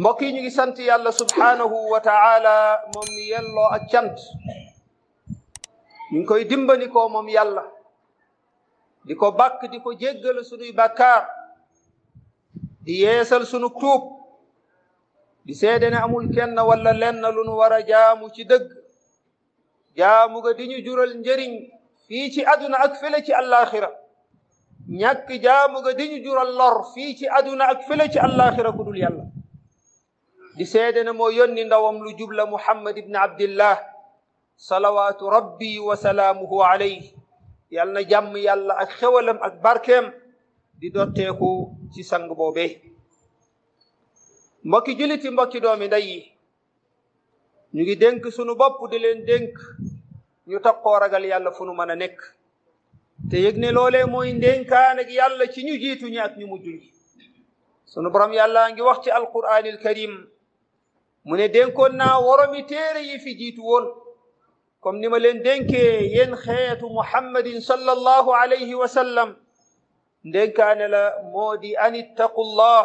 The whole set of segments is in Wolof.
mbokk yi ñu ngi sant yàlla subhaanahu wa taala moom mi yelloo ak cant ñu ngi koy dimbali ko moom yàlla di ko bàkk di ko jéggal sunuy bàkkaar di yeesal sunu tuub di seede ne amul kenn wala lenn lu nu war a jaamu ci dëgg jaamu ga di ñu jural njëriñ fii ci aduna ak fële ci àllaaxira ñàkk jaamu ga di ñu jural lor fii ci aduna ak fële ci àllaaxira ku dul yàlla di seede na moo yónni ndawam lu jubla muhammad ibn abdillah salawaatu rabbi wa salaamuhu alayhi yal na jàmm yàlla ak xewalam ak barkeem di dotteeku ci sang boobee mbokki juliti mbokki doomi ndey yi ñu ngi dénk sunu bopp di leen dénk ñu takkoo ragal yàlla fu nu mën a nekk te yëg ne loolee mooy ndénkaan ak yàlla ci ñu jiitu ñi ak ñu mujj ñi sunu borom yàlla ngi wax ci alquraanil mu ne na naa woromi tere yi fi jiitu woon comme ni ma leen dénkee yéen xeetu muhammadin sallallahu alayhi wa sallam ndénkaane la modi di an ittaqullah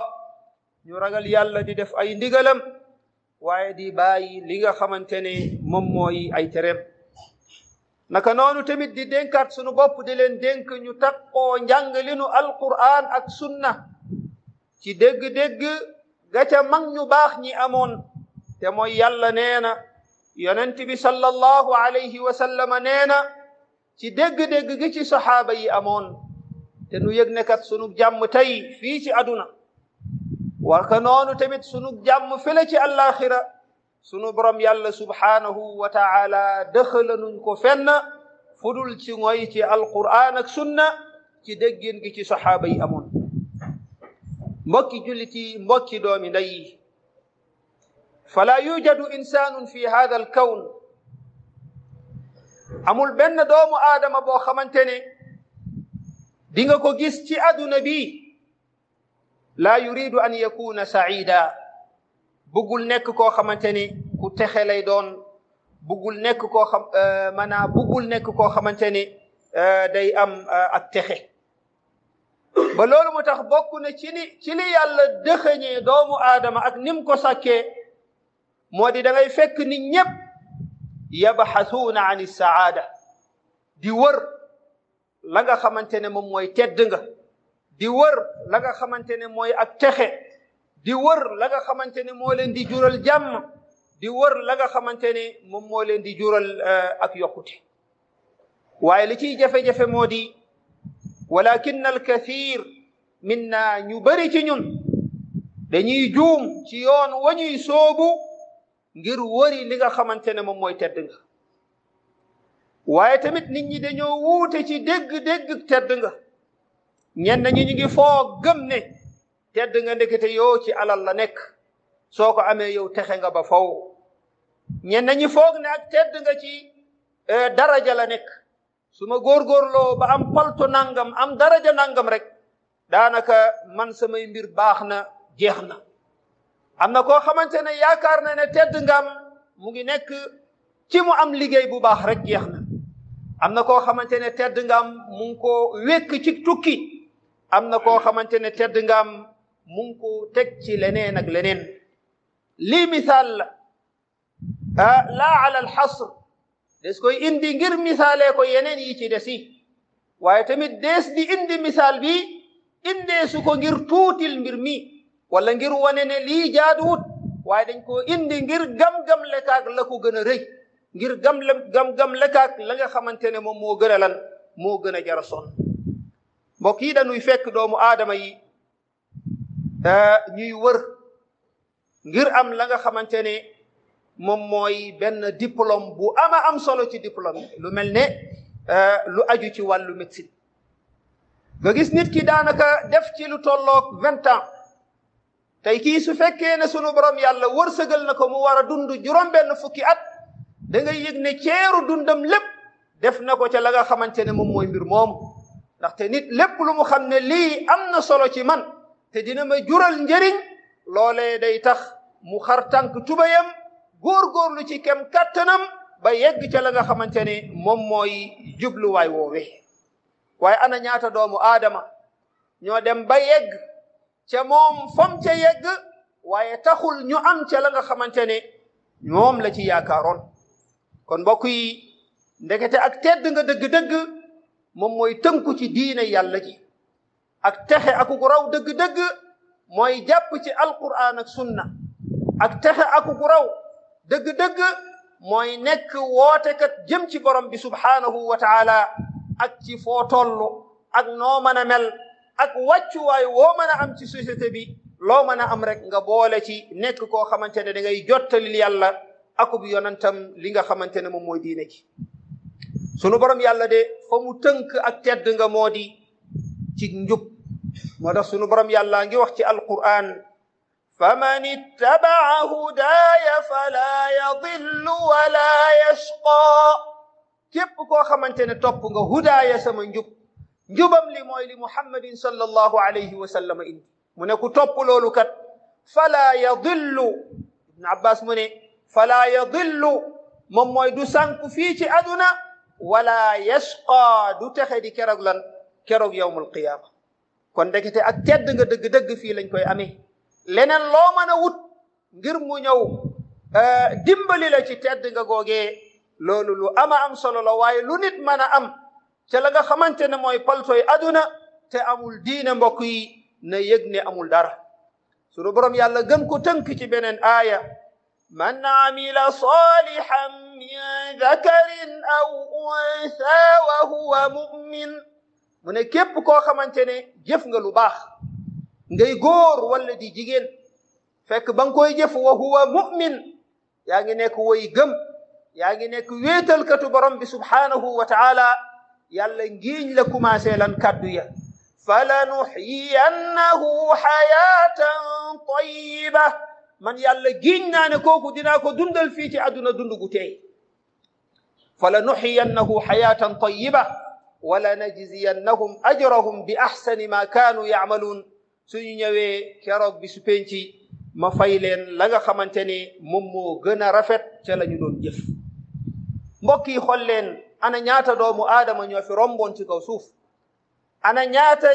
ñu ragal yàlla di def ay ndigalam waye di bàyyi li nga xamantene mom moy ay terem naka nonu tamit di dénkaat sunu bop di len dénk ñu takko njàng li nu alquran ak sunna ci deg deg gacha mag ñu bax ñi amoon te moy yàlla neena yonent bi sallallahu alayhi wa sallam neena ci deg deg gi ci sahaba yi amon te nu yëg ne kat sunu jàmm tay fi ci aduna warka noonu tamit sunu jàmm fële ci àllaaxira sunu borom yàlla subhanahu wa taala nu ko fenn fudul ci ngoy ci alquraan ak sunna ci déggin gi ci sahaba yi amon mbokki juliti mbokki domi ndey fala yujadu insanun fi hada al kawn amul benn doomu aadama boo xamante ne di nga ko gis ci aduna bi la yuridu an yakuna saida bëggul nekk koo xamante ne ku texe lay doon bëggul nekk koo xam maanaa bëggul nekk koo xamante ne day am ak texe ba loolu mu tax bokk na ci li ci li yàlla dëxëñee doomu aadama ak nim ko sàkkee moo di da ngay fekk nit ñépp yabaxasuuna an saada di wër la nga xamante ne moom mooy tedd nga di wër la nga xamante ne mooy ak texe di wër la nga xamante ne moo leen di jural jàmm di wër la nga xamante ne moom moo leen di jural ak yokkute waaye li ciy jafe-jafe moo di walakin alkathir minna ñu bëri ci ñun dañuy juum ci yoon wa ñuy soobu ngir wóri li nga xamante ne moom mooy tedd nga waaye tamit nit ñi dañoo wuute ci dégg-dégg tedd nga ñenn ñi ñu ngi foo gëm ne tedd nga ndekete yoo ci alal la nekk soo ko amee yow texe nga ba faw ñenn ñi foog ne ak tedd nga ci e, daraja la nekk su ma góorgóorloo ba am palto nangam am daraja nangam rek daanaka man samay mbir baax na jeex na amna ko xamantene yaakar na ne tedd ngam mu ngi nek ci mu am liggey bu baax rek jeex amna ko xamantene tedd ngam mu ngi ko wekk ci tukki amna ko xamantene tedd ngam mu ngi ko tek ci leneen ak leneen li misal la laa ala alxasr des koy indi ngir misale ko yeneen yi ci desi waye tamit des di indi misal bi inde su ko ngir tutil mbir mi wala ngir wane ne lii jaaduwut waaye dañ koo indi ngir gam-gam lekaak la ko gën a rëy ngir gam gam-gam la nga xamante ne moom moo gën lan moo gën a jara sonn mbokk yi dañuy fekk doomu aadama yi eh, ñuy wër ngir am la nga xamante ne moom mooy benn diplôme bu ama am solo ci diplôme lu mel ne eh, lu aju ci wàllu médecine nga gis nit ki daanaka def ci lu tolloog vingt ans tey kii su fekkee ne sunu borom yàlla wërsëgal na ko mu war a dund juróom-benn fukki at da ngay yëg ne ceeru dundam lépp def na ko ca la nga xamante ne moom mooy mbir moom ndaxte nit lépp lu mu xam ne lii am na solo ci man te dina ma jural njariñ loole day tax mu xar tànk tubayam góorlu ci kem kàttanam ba yegg ca la nga xamante ne moom mooy jubluwaay woowee waaye ana ñaata doomu aadama ñoo dem ba yegg ca moom fam ca yegg waaye taxul ñu am ca la nga xamante ne moom la ci yaakaaroon kon mbokk yi ndekete ak tedd nga dëgg-dëgg mooy tënku ci diine yàlla ji ak texe akuku raw dëgg-dëgg mooy jàpp ci alquran ak sunna ak texe akuku raw dëgg-dëgg mooy nekk wootekat jëm ci borom bi subhaanahu wa taala ak ci foo ak noo mën a mel ak waccu way wo meuna am ci société bi lo meuna am rek nga boole ci nekk koo xamantene da ngay jottalil yàlla akub yonantam li nga xamantene mom moy diine ci sunu borom yalla de fa mu teunk ak tedd nga modi ci njub mo tax sunu borom yalla ngi wax ci alquran فمن اتبع هداي فلا يضل ولا يشقى كيف كو خمانتene top nga hudaya sama njub njubam li moy li muhammadin sallallahu alayhi wa sallam indi mu ne ku topp loolu kat fala yadillu ibn abbas mune fala yadillu mom moy du sànku fi ci aduna wala yashqa du taxedi di lan keroog yawmul qiyam kon dekete ak tedd nga deug deug fi lañ koy amé lenen lo meuna wut ngir mu ñëw euh dimbali la ci tedd nga goge lolou lu ama am solo la waaye lu nit meuna am ca la nga xamante ne mooy paltoy aduna te amul diin mbokk yi na yëg ne amul dara sunu borom yàlla gën ko tënk ci beneen aaya man amila salihan min dakarin aw unsa wa huwa mumin mu ne képp koo xamante ne jëf nga lu baax ngay góor wala di jigéen fekk ba nga koy jëf wa huwa mumin yaa ngi nekk woy gëm yaa ngi nekk wéetalkatu borom bi subhanahu wa taala yàlla ngiiñ la commencé lan kàddu ya falanuhyiyannahu hayatan tayyiba man yàlla giiñ naa ne kooku dinaa ko dundal fii ci àdduna dund gu teey falanuhyiyannahu hayatan tayyiba wala najziyannahum ajrahum bi ahsani ma kaanu yacmaluun suñu ñëwee keroog bi su penci ma fay leen la nga xamante ne moom moo gën a rafet ca la ñu doon jëf mbokk yi xool leen ana nyaata doomu aadama ñoofi rombon ci kaw suuf ana ñaata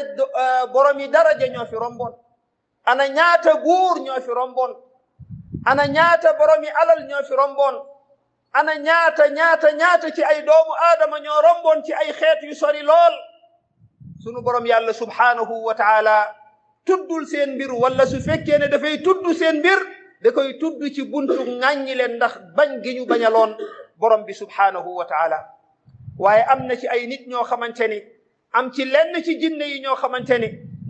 boromi daraja ñoofi rombon ana ñaata buur ñoofi rombon ana ñaata boromi alal ñoofi rombon ana ñaata ñaata ñaata ci ay doomu aadama ñoo rombon ci ay xeet yu sori lool sunu borom yàlla subhanahu wa taala tuddul seen mbir wala su fekkee ne dafay tudd seen mbir da koy tudd ci buntu ŋàññi leen ndax bañ gi ñu bañaloon borom bi subhanahu wa taala waaye am na ci ay nit ñoo xamante ni am ci lenn ci jinne yi ñoo xamante ni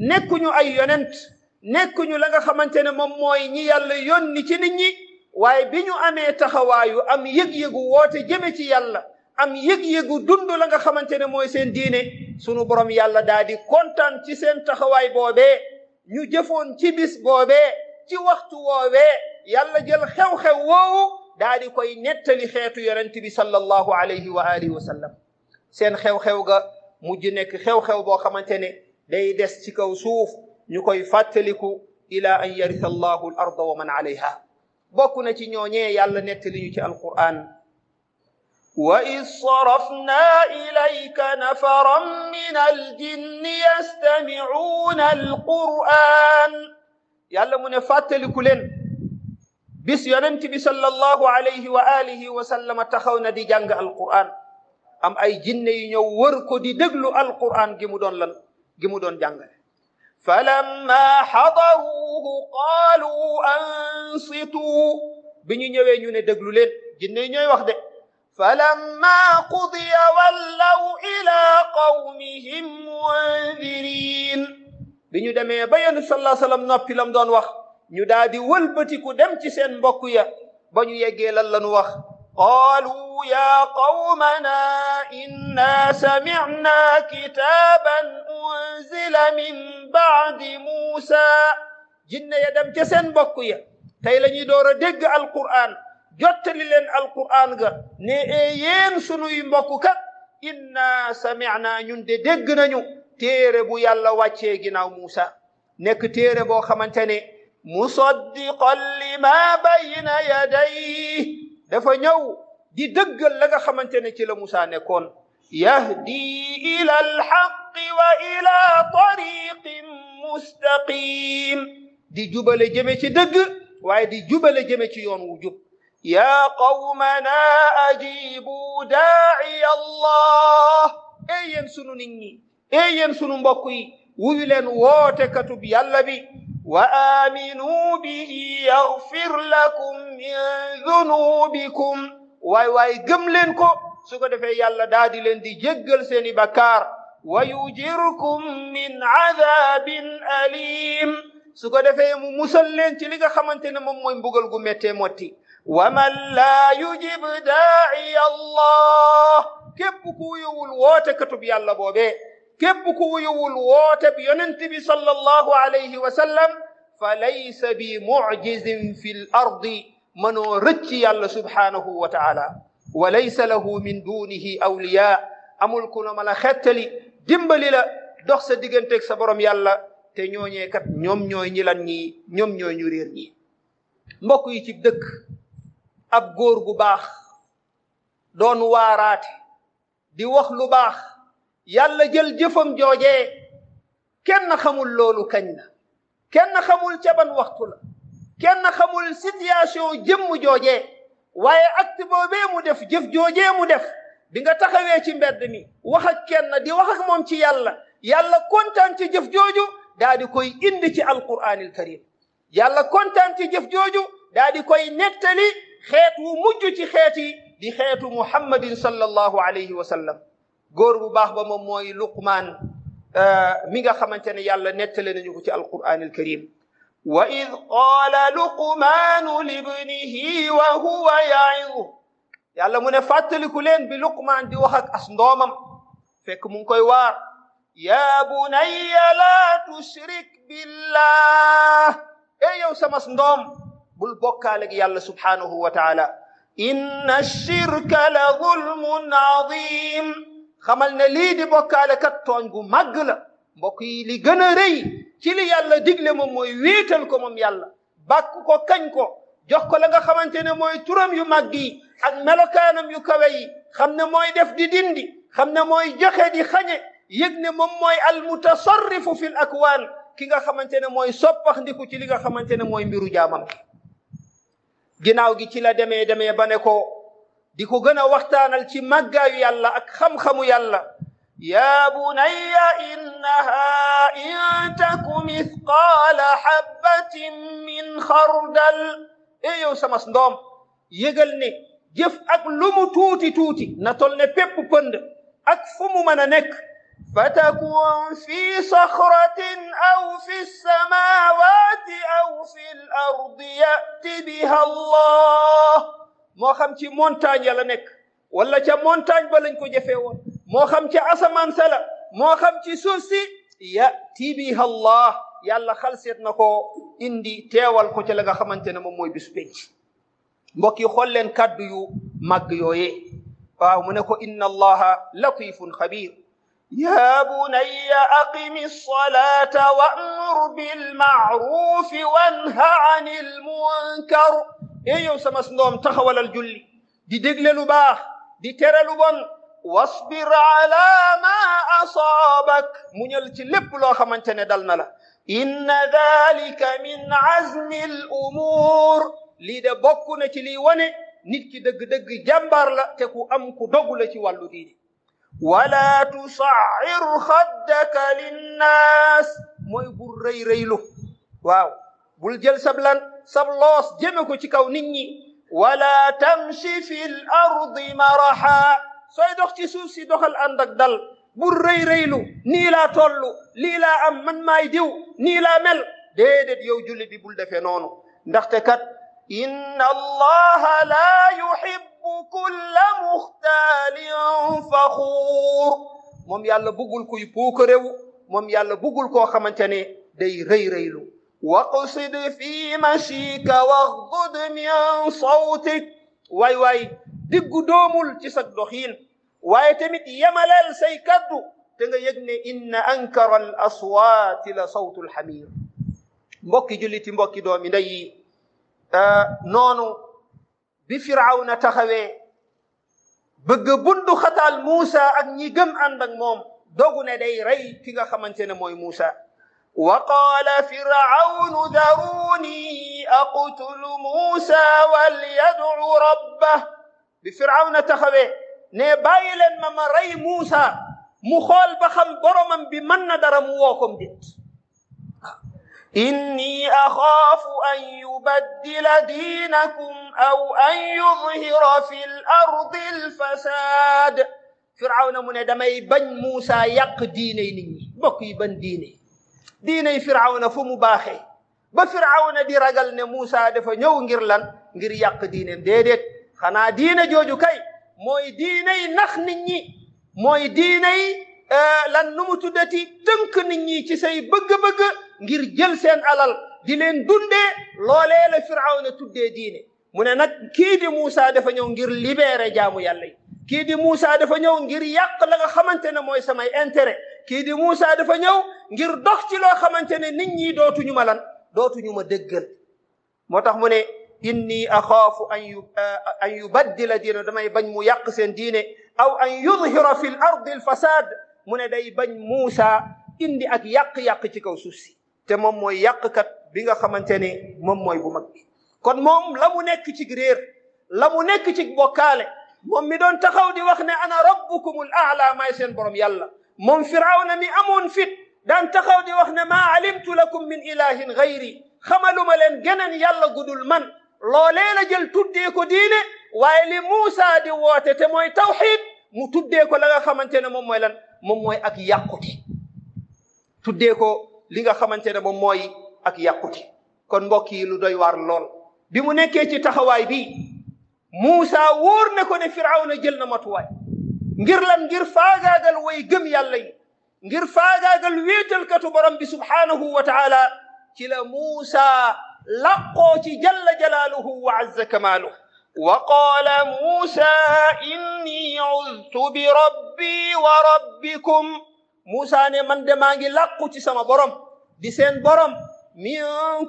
nekkuñu ay yonent nekkuñu la nga xamante ne moom mooy ñi yàlla yónni ci nit ñi waaye bi ñu amee taxawaayu am yëg-yëgu woote jëme ci yàlla am yëg-yëgu dund la nga xamante ne mooy seen diine sunu borom yàlla daal di kontaan ci seen taxawaay boobee ñu jëfoon ci bis boobee ci waxtu woowee yàlla jël xew-xew woowu daa di koy nettali xeetu yonent bi sallallahu xew-xew ga mujj nekk xew-xew boo xamante ne day des ci kaw suuf ñu koy fàttaliku ila an yarisa allahu al wa man alayha bokk na ci ñooñee yàlla nettali ñu ci alquran وإذ صرفنا إليك نفرا من الجن يستمعون القرآن yàlla mu ne fàttaliku len bis yonent bi sallallahu alayhi wa alihi wa sallam taxaw na di jàng alquran am ay jinne yu ñëw wër ko di déglu alquran gi mu doon lan gi mu doon jàngale falamma xadaruuhu qaalu ansitu bi ñu ñëwee ñu ne déglu leen jinne yi ñooy wax de falamma qudiya wallaw ila qawmihim mundirin bi ñu demee ba yonent sallallahu alayhi wa sallam noppi lam doon wax ñu daal di wëlbatiku dem ci seen mbokk ya ba ñu yeggee lan la ñu wax qaaluu yaa qawmana inna samicna kitaaban unzila min baadi muusa jinne ya dem ca seen mbokk ya tey la ñuy door a dégg alqur'an jottali leen alqur'an ga ne e yéen sunuy mbokk kat inna samicna ñun de dégg nañu téere bu yàlla wàccee ginnaaw muusa nekk téere boo xamante ne مصدقا لما بين يديه دفا نيو دي دغال لاغا خامتاني تي لا نيكون يهدي الى الحق والى طريق مستقيم دي جوبل جيمي تي دغ واي دي جوبل جيمي تي يون وجوب يا قومنا اجيبوا داعي الله ايين سونو اي ايين سونو مبوكي ويولن ووتكاتو بيالا بي وآمنوا به يغفر لكم من ذنوبكم واي واي جملنكو سوكو دافاي يالا دادي لين دي جيغل سيني بكار ويجركم من عذاب أليم سوكو دافاي مو موسل لين تي ليغا خامتيني موم موي مبوغل غو ميتي موتي ومن لا يجيب داعي الله كيب كو يول ووتي كتب يالا بوبي كيف كويو الوات بيننتبي صلى الله عليه وسلم فليس بمعجز في الأرض من رجي الله سبحانه وتعالى وليس له من دونه أولياء أمول كنا دمبل إلى دخس ديجن تيك سبرم يالا تنيوني كت نيوم نيوي نيلاني نيوم نيوي نيريرني مكو يتيب دك أب غباخ دون وارات دي وخ لباخ yàlla jël jëfam joojee kenn xamul loolu kañ la kenn xamul ca ban waxtu la kenn xamul situation jëmm joojee waaye acte boobee mu def jëf joojee mu def bi nga taxawee ci mbedd mi wax ak kenn di wax ak moom ci yàlla yàlla kontaan ci jëf jooju daa di koy indi ci alquraanil karim yàlla kontaan ci jëf jooju daa di koy nettali xeet wu ci xeet di xeetu muhammadin sallallahu alayhi wa sallam góor bu baax ba moom mooy luqmaan mi nga xamante ne yàlla nettale nañu ko ci alquran alkarim wa id qaala luqmaanu libnihi wa huwa yaidu yàlla mu ne fàttaliku leen bi luqman di wax ak as ndoomam fekk mu ngi koy waar bunayya la tushrik billah e yow samas ndoom bul bokkaale gi yàlla subhanahu wa taala inna shirka la xamal ne lii di bokkaale kat tooñ gu màgg la mbokk yi li gën a rëy ci li yàlla digle moom mooy wéetal ko moom yàlla bàkk ko kañ ko jox ko la nga xamante ne mooy turam yu màgg yi ak melokaanam yu kawe yi xam ne mooy def di dindi xam ne mooy joxe di xañe yëg ne moom mooy al mutasarrifu fi akwaan ki nga xamante ne mooy soppax ndiku ci li nga xamante ne mooy mbiru jaamam ginaaw gi ci la demee demee ba ne ko di ko gën a waxtaanal ci يالا yàlla ak xam-xamu يا بني إنها إن تك مثقال حبة من خردل إيو سمس دوم يغلني جف أك لوم توتي توتي نتولني بيب بند أك فمو من نك فتكون في صخرة أو في السماوات أو في الأرض يأتي بها الله moo xam ci montagne la nekk wala ca montagne ba lañ ko jëfee woon moo xam ci asamaan sa la moo xam ci suuf si yati biha allah yàlla xalseet na ko indi teewal ko ci la nga xamante ne moom mooy bis penc mbokk yi xool leen kàddu yu mag yooyee waaw mu ne ko inna allaha latifun xabir يا بني أقم الصلاة وأمر بالمعروف وانه عن المنكر ee yow sama ndoom taxawalal julli di dégle lu baax di tere lu bon wasbir ala ma asaabak muñal ci lépp loo xamante ne dal na la inna dalika min azmi al umur lii de bokk na ci lii wane nit ki dëgg-dëgg jàmbaar la te ku am ku dogu la ci wàllu diine wala tusair xaddaka linnaas mooy bul rëy rëylu waaw bul jël sablan سب لوس جيمكو تي ولا تمشي في الارض مرحا سوي دوخ تي سوف سي دوخال اندك دال بور ري ريلو ني تولو لي ام من ماي ديو ني لا مل ديدت يو جولي بي بول دافي نونو ندخت ان الله لا يحب كل مختال فخور موم يالا بوغول كوي بوكو ريو موم يالا بوغول كو خامتاني داي ري ريلو واقصد في مشيك واغضض من صوتك waay waay diggu doomul ci sag doxiin waaye tamit yemaleel say kaddu te nga yëg ne inna ankara al aswaati la sawtu lxamir mbokki julliti mbokki doomi ndey yi noonu bi firawna taxawee bëgg bundu xataal muusa ak ñi gëm ànd ak moom dogu ne day rey ki nga xamante ne mooy muusa وقال فرعون ذروني اقتل موسى وليدع ربه بفرعون تخوي نبايل ممري موسى مخال بخم برما بمن درم وكم ديت إني أخاف أن يبدل دينكم أو أن يظهر في الأرض الفساد فرعون من دمي بن موسى يق ديني بقي بن ديني diinay firawna fu mu baaxee ba firawna di ragal ne Moussa dafa ñëw ngir lan ngir yàq diineem déedéet xanaa diine jooju kay mooy diinay nax nit ñi mooy diinay euh, lan nu mu tuddati tënk nit ñi ci say bëgg-bëgg ngir jël seen alal di leen dundee loolee la firawna tuddee diine mu ne nag kii di Moussa dafa ñëw ngir libérer jaamu yàlla yi kii di Moussa dafa ñëw ngir yàq la nga xamante ne mooy samay intérêt kii di Moussa dafa ñëw ngir dox ci loo xamante ne nit ñi dootuñu ma lan dootuñu ma dëggal moo tax mu ne inni axaafu an yu an yubaddila diina damay bañ mu yàq seen diine aw an yudhira fi l ardi l fasad mu ne day bañ Moussa indi ak yàq-yàq ci kaw suuf si te moom mooy yàqkat bi nga xamante ne moom mooy bu mag bi kon moom la mu nekk ci réer la mu nekk ci bokkaale moom mi doon taxaw di wax ne ana rabbukumul aala maay seen borom yàlla من فرعون مي أمون فت دان تخو دي وخنا ما علمت لكم من إله غيري خمل ملن جنن يلا قدل من لوليلا جل تديكو ديني وإلي موسى دي واتي تموي توحيد مو تديكو لغا خمانتين مموي لن مموي أك يقوتي تديكو لغا خمانتين مموي أك يقوتي كون بوكي لدوي وار لول بمو تخواي بي موسى وور نكو فرعون جلنا متواي غير لن غير فاغا دل وي گم يالي غير فاغا دل ويتل كتب رب سبحانه وتعالى كلا موسى لقو تي جل جلاله وعز كماله وقال موسى اني عذت بربي وربكم موسى ني من دماغي لقو تي سما بروم دي سين بروم من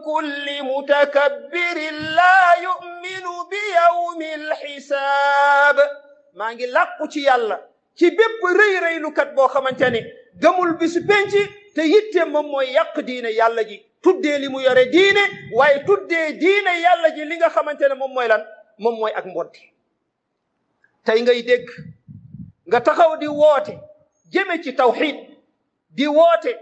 كل متكبر لا يؤمن بيوم الحساب maa ngi làqu ci yàlla ci bépp rëy rëylukat boo xamante ne gëmul bisu penc te yitte moom mooy yàq diine yàlla ji tuddee li mu yore diine waaye tuddee diine yàlla ji li nga xamante ne moom mooy lan moom mooy ak mboddi tey ngay dégg nga taxaw di woote jëme ci tawxid di woote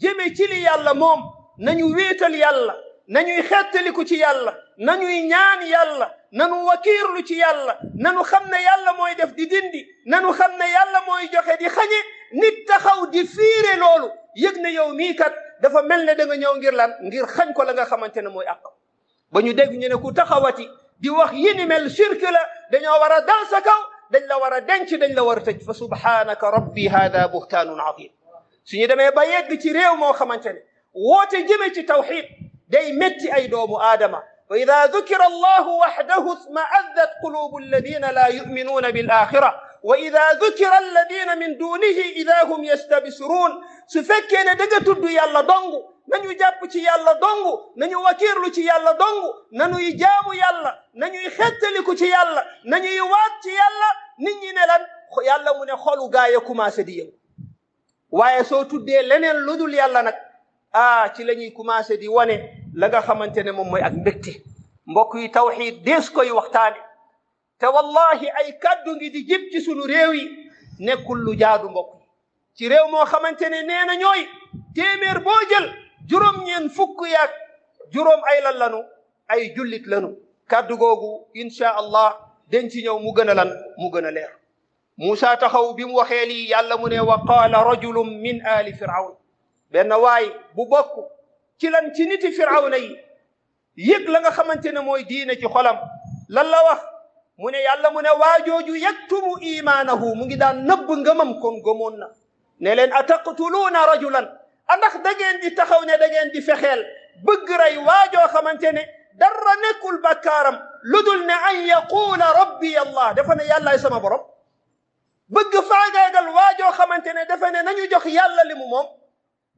jëme ci li yàlla moom nañu wéetal yàlla nañuy xettaliku ci yàlla nañuy ñaan yàlla nanu wakiirlu ci yàlla nanu xam ne yàlla mooy def di dindi nanu xam ne yàlla mooy joxe di xañe nit taxaw di fiire loolu yëg ne yow mii kat dafa mel ne da nga ñëw ngir lan ngir xañ ko la nga xamante ne mooy àq ba ñu dégg ñu ne ku taxawati di wax yi ni mel shirk la dañoo war a dal sa kaw dañ la war a denc dañ la war a tëj fa subhanaka rabbi hada buhtaanun azim suñu demee ba yegg ci réew moo xamante ne woote jëme ci tawxid day métti ay doomu aadama فإذا ذكر الله وحده اثمأذت قلوب الذين لا يؤمنون بالآخرة وإذا ذكر الذين من دونه إذا هم يستبسرون سفكين دقت الدنيا الله دونغو من يجاب تي الله دونغو من يوكير لك يا دونغو من يجابو يالا الله من يخت لك تي الله من يوات تي الله نين نلان يالا الله من خلو غاية كما سديو وايسو تدي لنن لدول يا يالا نك آه تي لنين كما سدي وانه la nga xamante ne moom mooy ak mbégte mbokk yi tawxiid dees koy waxtaane te wallahi ay kàddu ngi di jib ci sunu réew yi nekkul lu jaadu mbokk yi ci réew moo xamante ne nee na ñooy téeméer boo jël juróom-ñeen fukk yaag juróom ay lan lanu ay jullit lanu kàddu googu insha allah den ci ñëw mu gën a lan mu gën a leer Moussa taxaw bi mu waxee lii yàlla mu ne wa qaala rajulun min ali firawn benn waay bu bokk ci lan ci niti firawna yi yëg la nga xamante ne mooy diine ci xolam lan la wax mu ne yàlla mu ne waajooju yaktumu imaanahu mu ngi daan nëbb ngëmam kon gëmoon na ne leen ataqtuluuna rajulan andax da ngeen di taxaw ne da ngeen di fexeel bëgg rey waajoo xamante ne dara nekkul bakkaaram lu ne an yaquula rabbi allah dafa ne yàllaay sama borom bëgg faagaagal wajo xamante ne dafa ne nañu jox yàlla li mu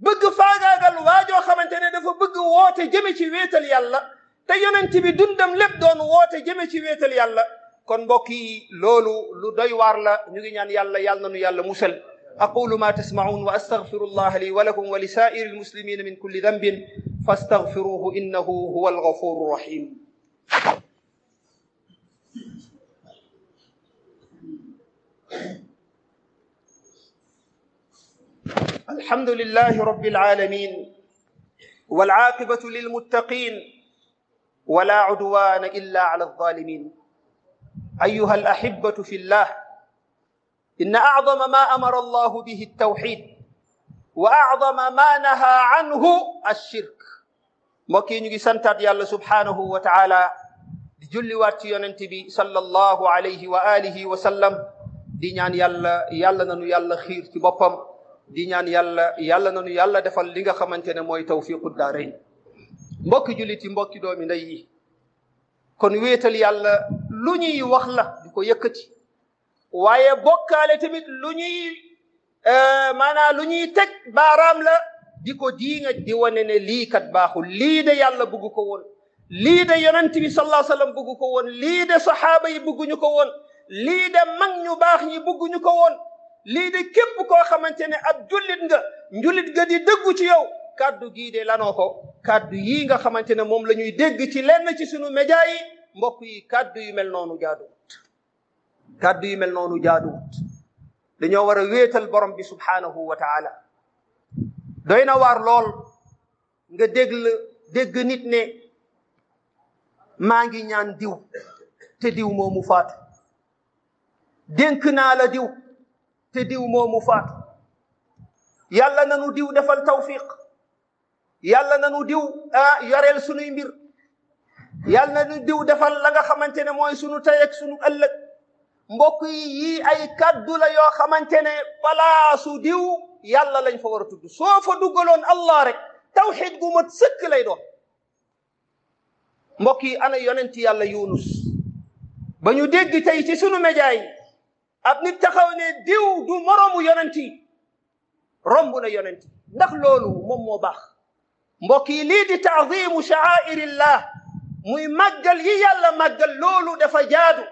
بغ فاغا غال واجو خامتاني دافا بغ ووتو جيمي سي ويتال يالا تا يوننتي بي دوندام ليب دون ووتو جيمي سي ويتال يالا كون بوكي لولو لو دوي وار لا نيغي نان يالا يالنا نو يالا موسل اقول ما تسمعون واستغفر الله لي ولكم ولسائر المسلمين من كل ذنب فاستغفروه انه هو الغفور الرحيم الحمد لله رب العالمين والعاقبة للمتقين ولا عدوان إلا على الظالمين أيها الأحبة في الله إن أعظم ما أمر الله به التوحيد وأعظم ما نهى عنه الشرك مكين يسنت الله سبحانه وتعالى جل ينتبي صلى الله عليه وآله وسلم دينان يلا يلا ننو خير تبقى di ñaan yàlla yàlla nanu yàlla defal li nga xamante ne mooy tawfiqu daarayn mbokki yi mbokki doomi nday yi kon wéetal yàlla lu ñuy wax la di ko yëkkati waaye bokkaale tamit lu ñuy maanaam lu ñuy teg baaraam la di ko diinga di wane ne lii kat baaxul lii de yàlla bëgg ko woon lii de yonent bi sallallahu alayhi sallam bëgg ko woon lii de saxaaba yi bëgguñu ko woon lii de mag ñu baax ñi bëgguñu ko woon lii de képp koo xamante ne ab jullit nga njullit nga di dëggu ci yow kàddu gii de lanoo ko kàddu yii nga xamante ne moom la ñuy dégg ci lenn ci sunu média yi mbokk yi kàddu yu mel noonu jaaduwut kàddu yu mel noonu jaaduwut dañoo war a wéetal borom bi subhaanahu wa taala doy na war lool nga déglu dégg nit ne maa ngi ñaan diw te diw moomu faatu dénk naa la diw te diw moo faatu yàlla nanu diw defal tawfiq yàlla nanu diw ah yoreel sunuy mbir yàlla nanu diw defal la nga xamante ne mooy sunu tey ak sunu ëllëg mbokk yi ay kaddu la yoo xamante ne palaasu diw yàlla lañ fa war a tudd soo fa duggaloon allah rek tawxid gu mat sëkk lay doon mbokk yi ana yonent yàlla yunus ba ñu dégg ci sunu média ابن تخاوني ديو دو مرومو يوننتي رومبو يوننتي داخ لولو موم مو باخ مبوكي لي دي تعظيم شعائر الله موي ماغال يي يالا ماغال لولو دافا جادو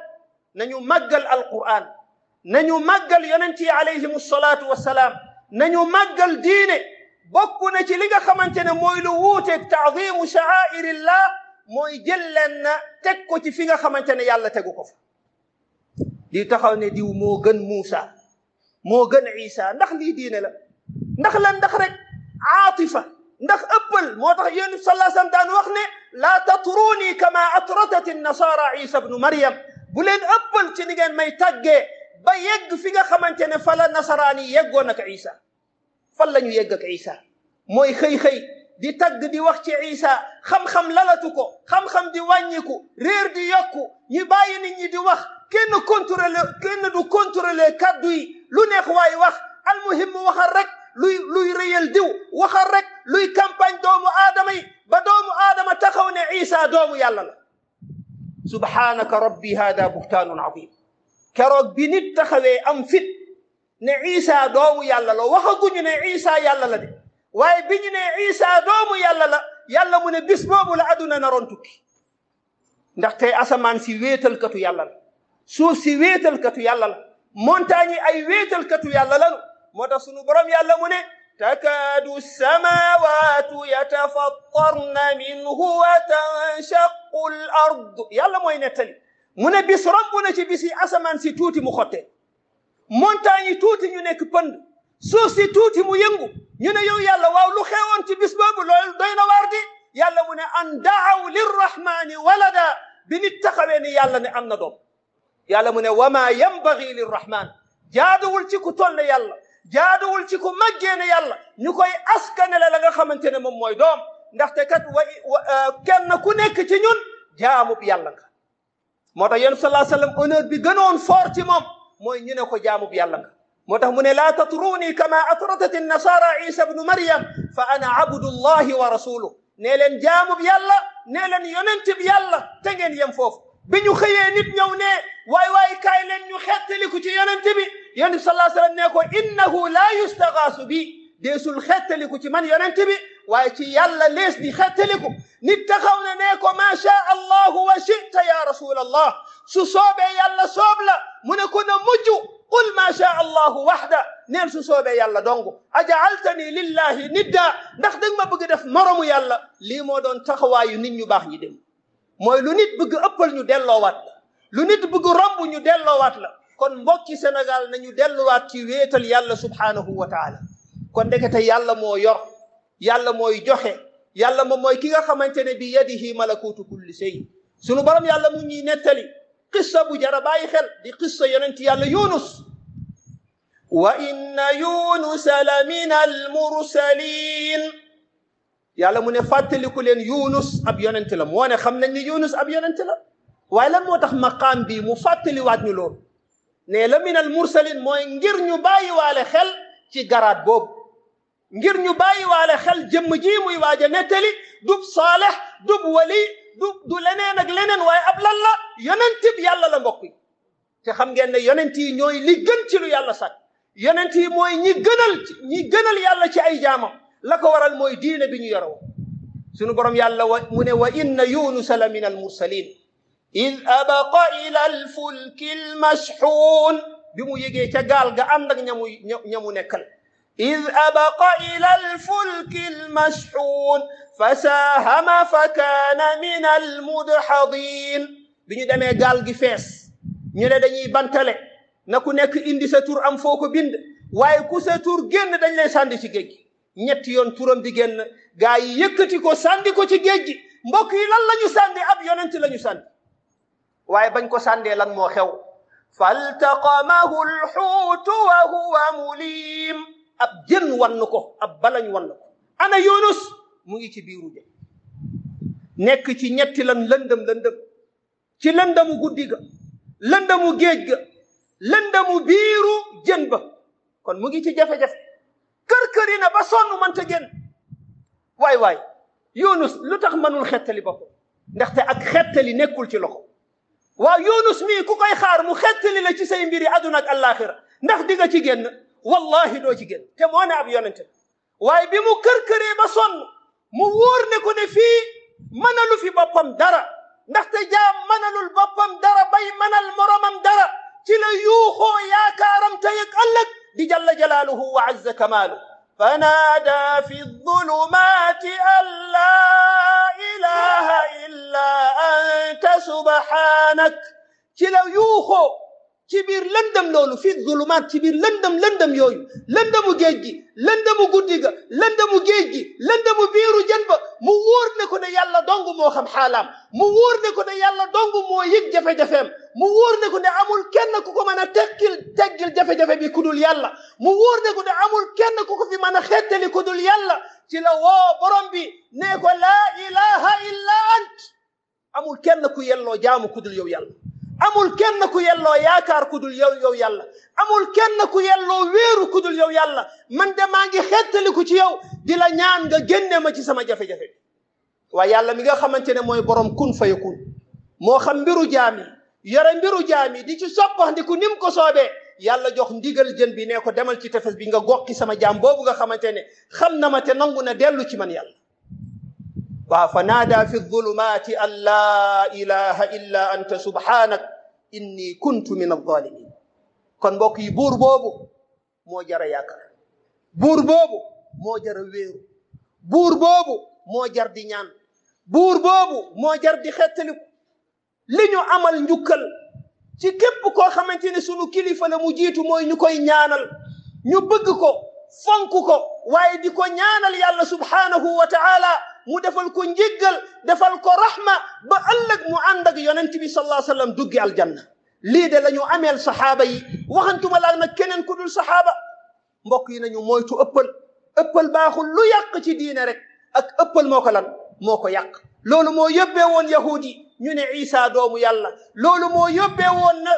نانيو ماغال القران نانيو ماغال يوننتي عليه الصلاه والسلام نانيو ماغال دين بوكو نتي ليغا خامتيني موي لو ووتك تعظيم شعائر الله موي جيلن تكوتي تي فيغا خامتيني يالا تيغوكو di taxaw ne diw moo gën Moussa moo gën Isa ndax lii diine la ndax lan ndax rek aatifa ndax ëppal moo tax yéen sallallahu alayhi wasallam daan wax ne laa tatruni kama atratat an-nasara Isa ibnu Maryam bu leen ëppal ci ni ngeen may tàggee ba yegg fi nga xamante ne fa la nasaraan yi yeggoon ak Isa fan la ñu yegg ak Isa mooy xëy-xëy di tagg di wax ci Isa xam-xam lalatu ko xam-xam di wàññiku réer di yokku ñu bàyyi nit ñi di wax kenn contrôlé kenn du contrôlé kàddu yi lu neex waay wax almuhim waxal rek luy luy réyal diw waxal rek luy campagne doomu aadama yi ba doomu aadama taxaw ne isa doomu yàlla la subhanaka rabbi hada buxtaanun azim keroog bi nit taxawee am fit ne isa doomu yàlla la waxaguñu ne isa yàlla la de waaye bi ñu ne isa doomu yàlla la yàlla mu ne bis boobu la aduna naroon tukki ndaxte asamaan si wéetalkatu yàlla la سوسي ويتل كتو يالا مونتاني اي ويتل كتو يالا لا موتا سونو بروم يالا موني تكاد السماوات يتفطرن منه وتنشق الارض يالا موي نتالي موني بيس رومبونا سي بيسي اسمان سي توتي مو خوتي مونتاني توتي ني نيك بند سوسي توتي مو ينغو ني نيو يالا واو لو خيوان تي بيس بوبو لول دوينا واردي يالا موني ان دعوا للرحمن ولدا بنتخبني يالا ني امنا دوم يعلمون وما ينبغي للرحمن جادو ولتكو تولى يلا جادو ولتكو مجين يلا نكوي اسكن لالا خمنتين من مويدوم نحتكت و... و... آه، كان نكوني كتنين جامو بيالا موتا ين صلى الله عليه وسلم انو بغنون فورتي موم موي نكو جامو بيالا موتا من لا تطروني كما أتردت النصارى عيسى بن مريم فانا عبد الله ورسوله نيلن جامو بيالا نيلن يننت بيالا تنين ينفوف biñu xeyé nit ñëw ne way way kay leen ñu ku ci yonent bi yonent sallallahu alayhi wasallam ne ko innahu la yustaghasu bi xéttali ku ci man yonent bi waaye ci yàlla lees di xettaliku nit taxaw na ne ko maa sha allahu wa shita ya rasul allah su soobee yàlla soob la mu ne ko na mujj qul maa sha allahu waxda neen su soobee yàlla dong ajaaltani lillahi nidda ndax danga ma bëgg def moromu yàlla lii moo doon taxawaayu nit ñu moy lu nit bëgg ëppal ñu delloowaat la lu nit bëgg romb ñu delloowaat la kon mbokki Sénégal nañu delluwaat ci wéetal yàlla subhanahu wa taala kon ndekete yàlla moo yor yàlla mooy joxe yàlla moom mooy ki nga xamante ne bi yadihi malakutu kulli shay sunu borom yàlla mu ñuy nettali qissa bu jara bàyyi xel di qissa yonent yàlla yunus wa inna yunus la min al mursalin yàlla mu ne fàttaliku leen yunus ab yonent la moo ne xam nañ ni yunus ab yonent la waaye lan moo tax maqaam bii mu fàttaliwaat ñu loolu ne la minal mursalin mooy ngir ñu bàyyiwaale xel ci garaat boobu ngir ñu bàyyiwaale xel jëmm ji mu waaj ne teli dub saalex dub wali du du leneen ak leneen waaye ab lan la yonent bi yàlla la mbokk yi te xam ngeen ne yonent yi ñooy li gën ci lu yàlla sàkk yonent yi mooy ñi gënal ñi gënal yàlla ci ay jaamam la ko waral mooy diine bi ñu yoroo sunu borom yàlla wa mu ne wa inna yunusa la min al mursalin id abaqa ila al fulki bi mu yégee ca gaal ga ànd ak ñamu ñamu nekkal id abaqa ila al fulki al mashxuun fa saahama fa kaana min al bi ñu demee gaal gi fees ñu ne dañuy bantale na ku nekk indi sa tur am foo ko bind waaye ku sa tur génn dañ lay sànni ci géej gi ñetti yoon turam di génn gaa yi yëkkati ko sànni ko ci géej gi mbokk yi lan la ñu ab yonent la ñu sànni waaye bañ ko sànnee lan moo xew faltaqamahu alxuutu wa huwa mulim ab jën wann ko ab balañ wann ko ana yunus mu ngi ci biiru jën nekk ci ñetti lan lëndëm lëndëm ci lëndëmu guddi ga lëndëmu géej ga landamu biiru jën ba kon mu ngi ci jafe-jafe këri na ba sonn mënta génn waay waay yunus lu tax mënul xettali boppam ndaxte ak xettali nekkul ci loxo waaw yunus mii ku koy xaar mu xettali la ci say mbiri àdduna ak àllaaxira ndax di nga ci génn wallahi doo ci génn te moo ne ab yonente la waaye bi mu kër-këree ba sonn mu wóor ne ko ne fii mënalu fi boppam dara ndaxte jaam manalul boppam dara bay manal moromam dara ci la yuuxoo yaakaaram tey ak ëllëg di jalla jalaaluhu wa azza kamaalu فنادى في الظلمات أن لا إله إلا أنت سبحانك كلا يوخو كبير لندم لولو في الظلمات كبير لندم لندم يوي لندم جيجي لندم جديغا لندم جيجي لندم بيرو جنب مور نكو دا يالا دونغ مو خم حالام مور نكو دا يالا دونغ مو يك جفا جفام مور نكو دا امول كين كوكو مانا تكيل تكيل جفا جفا بي كودول يالا مور نكو دا امول كين كوكو في مانا خيتلي كودول يالا تي لا و بروم بي نيكو لا اله الا انت امول كين كو يالو جامو كودول يو يالا amul kenn ku yello yaakar ku dul yow yow yàlla amul kenn ku yello wéeru ku dul yow yàlla man de ma ngi xettali ku ci yow dila ñaan nga génne ma ci sama jafe-jafe wa yàlla mi nga xamantene moy borom kun fayakun mo xam mbiru jami yara mbiru jami di ci sopax di ku nim ko sobé yàlla jox ndigal jeen bi ne ko demal ci tefes bi nga gokki sama jam bobu nga xamantene xamna ma te nanguna delu ci man yàlla waaw fa naada fi dhulumaati an laa ilaha illa anta subhanak inni kuntu min az-zalimin kon mbokk yi buur boobu moo jara yaakaar buur boobu moo jara wéeru buur boobu moo jardi di ñaan buur boobu moo jar di xettaliku li ñu amal njukkal ci képp ko xamante ne sunu kilifa la mu jiitu mooy ñu koy ñaanal ñu bëgg ko fonk ko waaye mu defal ko njéggal defal ko rahma ba ëllëg mu ànd ak yonent bi sallallahu alayhi wa sallam duggi aljanna lii de la ñu ameel saxaaba yi waxantuma laal nag keneen ku dul saxaaba mbokk yi nañu moytu ëppal ëppal baaxul lu yàq ci diine rek ak ëppal moo ko lan moo ko yàq loolu moo yóbbee woon yahud ñu ne isa doomu yàlla loolu moo yóbbee woon na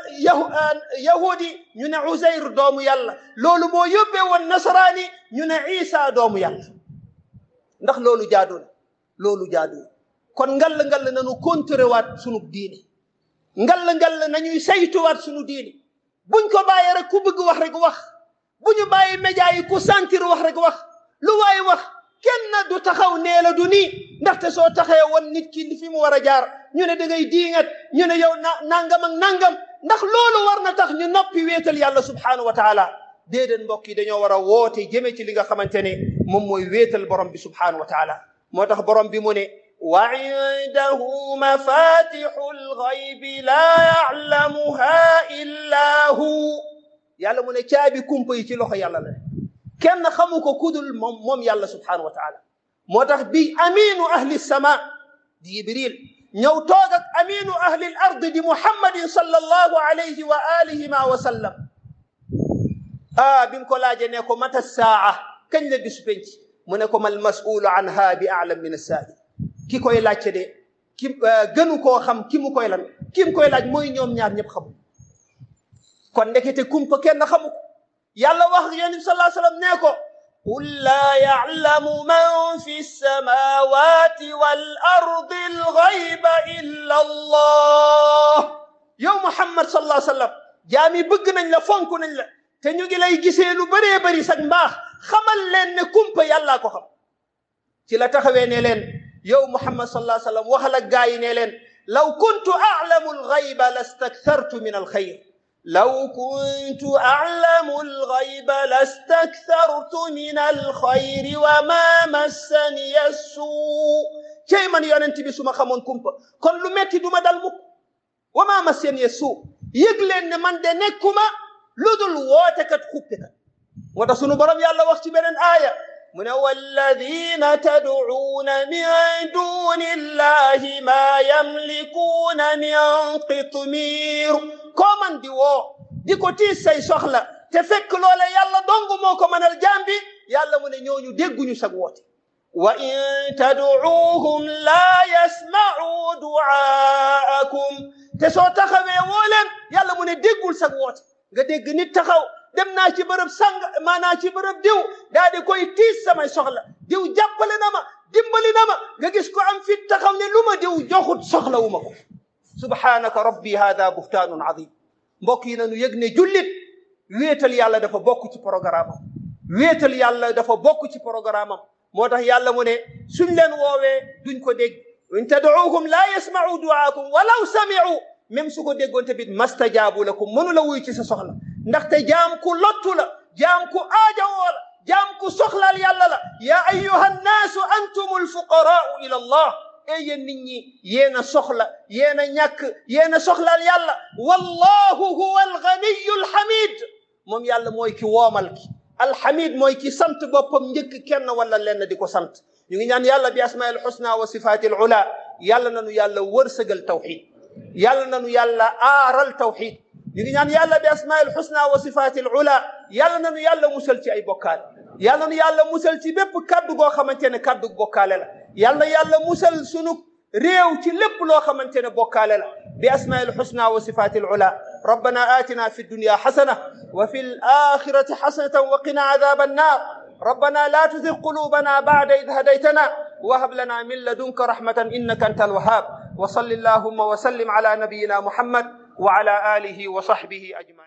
yahud yi ñu ne usayr doomu yàlla loolu moo yóbbee woon nasaraani ñu ne isa doomu yàlla ndax loolu jaadu na loolu jaadu kon ngall ngall nañu waat sunu diine ngall ngall nañuy saytuwaat sunu diine buñ ko bàyyee rek ku bëgg wax rek wax bu ñu bàyyi média yi ku sentir wax rek wax lu waay wax kenn du taxaw nee la du nii ndaxte soo taxee wan nit ki fi mu war a jaar ñu ne da ngay diingat ñu ne yow na nangam ak nangam ndax loolu war na tax ñu noppi wéetal yàlla subhaanahu wa taala déedéet mbokk yi dañoo war a woote jëme ci li nga xamante ne moom mooy wéetal borom bi subhaanahu wa motax borom bi mu ne وعنده مفاتح الغيب لا يعلمها إلا هو يالا مو نتشابي كومبي تي لوخ يالا لا كين خموكو كودول موم يالا سبحانه وتعالى موتاخ بي امين اهل السماء دي جبريل نيو توغك امين اهل الارض دي محمد صلى الله عليه واله ما وسلم اه بيم كولاجي نيكو متى الساعه كين لا ديسبنتي منكم المسؤول عنها بأعلم من السائل كي كوي لاج دي كي غنو آه، كو خم كي مو كوي لام كي مو كوي لاج موي نيوم نيار نيب خم كون نيكيتي كومبا كين خمو يالا واخ يونس صلى الله عليه وسلم نيكو قل لا يعلم من في السماوات والأرض الغيب إلا الله يا محمد صلى الله عليه وسلم جامي بغنن لا فونكو نلا تي نيغي لاي غيسه لو بري بري سك مباخ xamal leen ne kumpa yàllaa ko xam ci la taxawee ne leen yow muhammad sallallahu alayhi wasallam waxal ak gaa yi ne leen law kuntu a'lamu al-ghayba lastakthartu min al-khayr لو كنت أعلم الغيب لاستكثرت من الخير وما مسني السوء كي من يوننتي kumpa سما خمون كومبا كون لو ميتي دوما دال موك وما مسني السوء يغلن من دي نيكوما لودول ووتكات خوبتكات موتا سونو بروم يالا واخ سي بنن آية من والذين تدعون من دون الله ما يملكون من قطمير كومن ديو ديكو تي ساي سوخلا تفك لولا يالا دونغ موكو منال جامبي يالا من نيو نيو ديغو نيو ساك وان تدعوهم لا يسمعوا دعاءكم تسو تخوي وولن من ديغول ساك ووتي غا ديغ نيت تخاو dem na ci bërëb sang ma na ci bërëb diw dal di koy tiss sama soxla diw jàppale na ma dimbali na ma nga gis ko am fi taxaw ne luma diw joxut soxla wu mako subhanaka rabbi hadha buhtanun azim mbok yi nañu yëg ne jullit wéetal yàlla dafa bok ci programme wetal yàlla dafa bok ci programme motax yàlla mu ne suñ len wowe duñ ko deg in tad'uuhum la yasma'u du'aakum walau sami'u même su ko déggoon tamit mastajabu lakum mënu la wuyu ci sa soxla ndaxte jaam ku lottu la jaam ku aajawoo la jaam ku soxlal yàlla la yaa ayuha nnaasu antum alfuqaraau ila allah ee nit ñi yéen soxla yéen a ñàkk yéen a yàlla wallahu huwa alganiyu alhamid moom yàlla mooy ki woomal ki alhamid mooy ki sant boppam njëkk kenn wala lenn di ko sant ñu ngi ñaan yàlla bi asmail husna wa sifaati alula yàlla nanu yàlla wërsëgal tawxid yàlla nanu yàlla aaral tawxid يرينان يالا يعني باسماء الحسنى وصفات العلى يالا نانو يالا مسلتي اي بوكال يالا نانو يالا مسلتي بيب كادو غو خمانتين كادو بوكال يالا يالا مسل سنوك ريو تي لب لو خمانتين بوكال باسماء الحسنى وصفات العلى ربنا آتنا في الدنيا حسنة وفي الآخرة حسنة وقنا عذاب النار ربنا لا تزغ قلوبنا بعد إذ هديتنا وهب لنا من لدنك رحمة إنك أنت الوهاب وصلي اللهم وسلم على نبينا محمد وعلى آله وصحبه أجمعين